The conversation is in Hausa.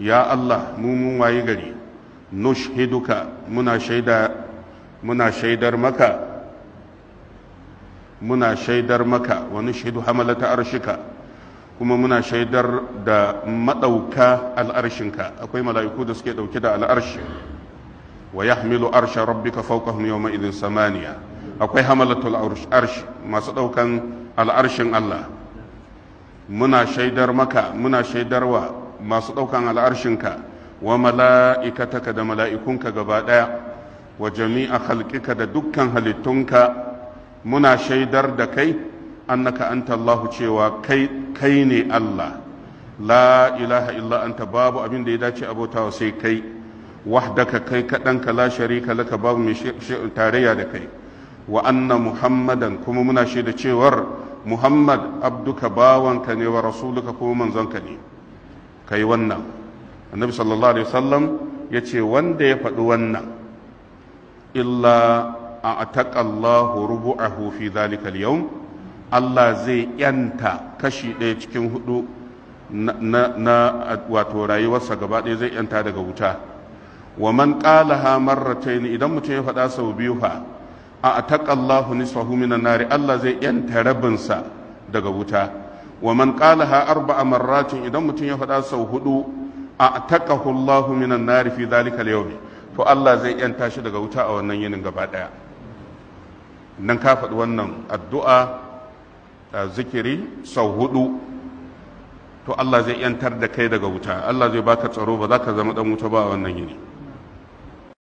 ya Allah mu mun wayi gari nushhiduka muna shaida muna shaidar maka muna shaidar maka wa nushhidu hamalata arshika kuma muna shaidar da madauka al'arshinka akwai mala'iku da suke dauke da al'arshi wa yahmilu arsha rabbika fawqahum yawma idhin samaniya akwai hamalatul arsh masu daukan al'arshin Allah muna shaidar maka muna shaidarwa masu ɗaukan al'arshinka wa mala'ikataka da mala'ikunka gaba ɗaya wa jami'a halƙika da dukkan halittunka muna shaidar da kai annaka anta Allahu cewa kai kai ne Allah la ilaha illa anta babu abin da ya dace abotawa sai kai wahdaka kai kaɗanka la sharika laka babu mai tarayya da kai wa anna muhammadan kuma muna shaida cewar muhammad abduka bawanka ne wa rasuluka kuma manzonka ne ka yi wannan annabi sallallahu alaihi wasallam ya ce wanda ya faɗi wannan illa a taƙallahu rubu'ahu fi zalikal yau Allah zai yanta kashi ɗaya cikin hudu na, wato rayuwarsa gaba ɗaya zai yanta daga wuta wa man qalaha marratayn idan mutum ya faɗa sau biyu fa a taƙallahu nisfahu minan nari Allah zai yanta rabinsa daga wuta wa man qalaha arba'a marratin idan mutum ya faɗa sau hudu a taqahu Allah minan nar fi dhalika al-yawm to Allah zai yanta shi daga wuta a wannan yinin gaba daya nan wannan addu'a zikiri sau huɗu to Allah zai yantar da kai daga wuta Allah zai baka tsaro ba za ka zama dan wuta ba a wannan yini